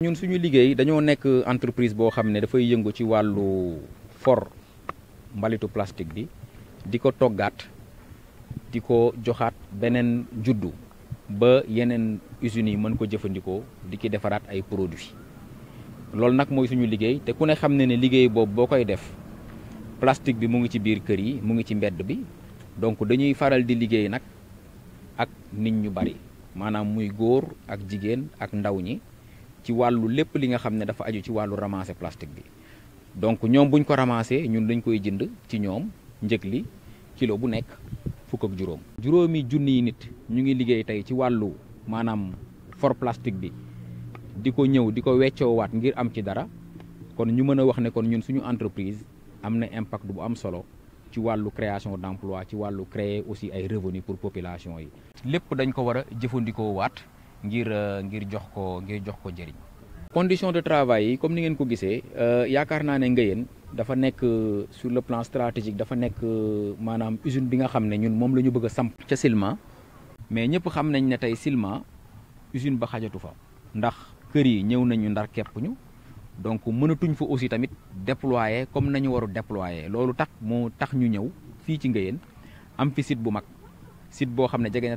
ñun suñu liggéey dañoo nekk entreprise boo xam ne dafay yëngu ci wàllu for mbalitu plastique bi di ko toggaat di ko joxaat beneen juddu ba yenen usines yi mën ko jëfandikoo di ki defaraat ay produits loolu nag mooy suñu liggéey te ku ne ne liggéey boobu boo def plastique bi mu ngi ci biir kër yi mu ngi ci mbedd bi donc dañuy faral di liggéey nak ak nit ñu bari mana muy góor ak jigéen ak ndaw ñi ci wàllu lépp li nga xam ne dafa aju ci wàllu ramasser plastique bi donc ñoom buñ ko ramasser ñun dañ koy jënd ci ñoom njëg li kilo bu nekk fukk ak juróom. juróomi junni yi nit ñu ngi liggéey tey ci wàllu maanaam for plastique bi di ko ñëw di ko weccoowaat ngir am ci dara kon ñu mën a wax ne kon ñun suñu entreprise am na impact bu am solo ci wàllu création d'emploi ci wàllu créer aussi ay revenus pour population yi. lépp dañ ko war a jëfandikoo waat. ngir eh, ngir jox ko ngir jox ko njëriñ. condition de travail yi comme ni ngeen ko gisee eh, yaakaar naa ne Nguéyéne dafa nekk eh, sur le plan stratégique dafa nekk maanaam usine bi nga xam ne ñun moom la ñu bëgg a samp ca Silma mais ñëpp xam nañ ne tey Silma usine ba xajatu fa ndax kër yi ñëw nañu ndar ñu donc mënatuñ fa aussi tamit déployer comme nañu waru déployer loolu tax moo tax ñu ñëw fii ci Nguéyéne am fi site bu mag site boo xam ne na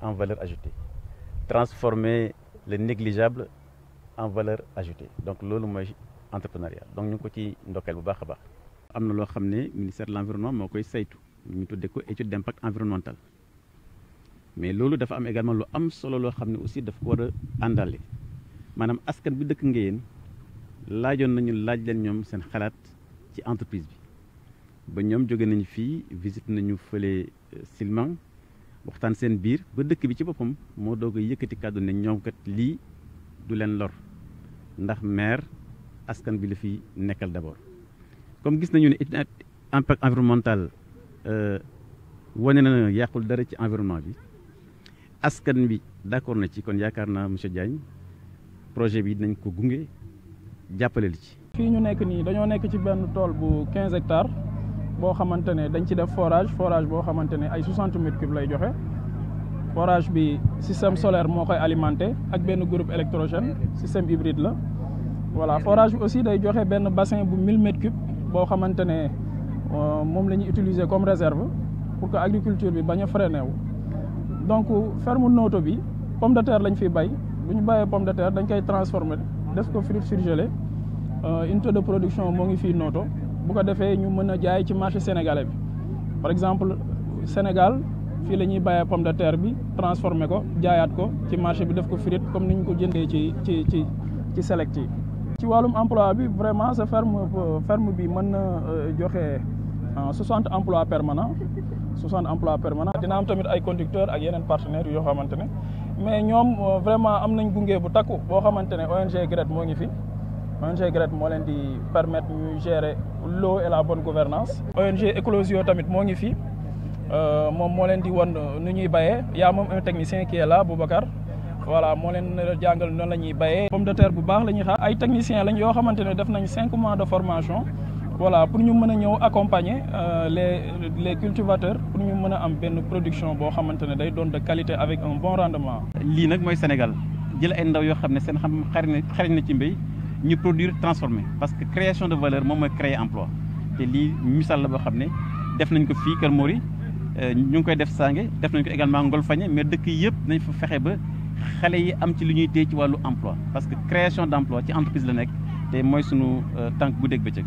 en valeur ajoutée transformer le négligeable en valeur ajoutée donc c'est mooy entrepreneuriat donc nous ngi ko ci ndokkeel bu baax a ministère de l'environnement m'a ministère de Nous environnement moo ñu tuddee ko étude d'impact environnemental mais nous dafa am également lu am solo lo xamné aussi daf ko war a àndale askan bi dëkk ngeen laajoon nañu laaj leen ñom seen xalaat ci entreprise bi ba ñom jóge nañu fi visite nañu feulé Silman. waxtaan seen biir ba dëkk bi ci boppam moo doog a yëkkati kàddu ne ñoom kat lii du leen lor ndax maire askan bi la fi nekkal d'abord comme gis nañu ne it étude impact environnemental euh, wane na yàqul dara ci environnement bi askan bi d'accord na ci kon yaakaar naa monsieur Diagne projet bi dinañ ko gunge jàppale ci. fii ñu nekk nii dañoo nekk ci benn tool bu 15 boo xamante dañ ci def forage forage bo xamantene ay 60 mètres cubes lay joxe forage bi système solaire moo koy alimenté ak ben groupe électrogène système hybride la voilà forage aussi day joxe ben bassin bu 1000 mètres cubes bo xamantene ne euh, moom la utiliser comme réserve pour que agriculture bi baña a donc ferme Noto bi pomme de terre lañ fi bay bu ñu pomme de terre dañ koy transformer def ko fruit surgelé euh, unité de production mo ngi fi Noto bu ko defee ñu mën a jaay ci marché sénégalais bi par exemple Sénégal fii la ñuy bàyyee pomme de terre bi transformé ko jaayaat ko ci marché bi def ko frite comme ni ñu ko jëndee ci ci ci ci select yi ci wàllum emploi bi vraiment sa ferme ferme bi mën na euh, joxe euh, soixante emplois permanents 60 emplois permanents dina am tamit ay conducteurs ak yeneen partenaires yoo xamante ne mais ñoom euh, vraiment am nañ gunge bu takku boo xamante ne ONG GRED moo ngi fi ONG GRED moo leen di permettre ñu gérer l'eau et la bonne gouvernance ONG Eclosio tamit moo ngi fi euh, moom moo leen di won nu ñuy bayee yaa moom un technicien qui est là Boubacar voilà moo leen jàngal noonu la ñuy bayee pomme de terre bu baax la ñuy xaar ay techniciens lañ yoo xamante ne def nañ 5 mois de formation voilà pour ñu mën a ñëw accompagner euh, les les cultivateurs pour ñu mën a am benn production boo xamante ne day doon de qualité avec un bon rendement. lii nag mooy Sénégal jël ay ndaw yoo xam ne seen xam xarañ na ci mbéy ñu produire transformer parce que création de valeur moom mooy créer emploi te lii misal la boo xam ne def nañ ko fii Kër Mori euh, ñu ngi koy def Sange def nañ ko également Ngolfagné mais dëkk yëpp nañ fa fexe ba xale yi am ci lu ñuy téye ci wàllu emploi parce que création d' emploi ci entreprise la nekk te mooy sunu euh, tànk guddeeg bëccëg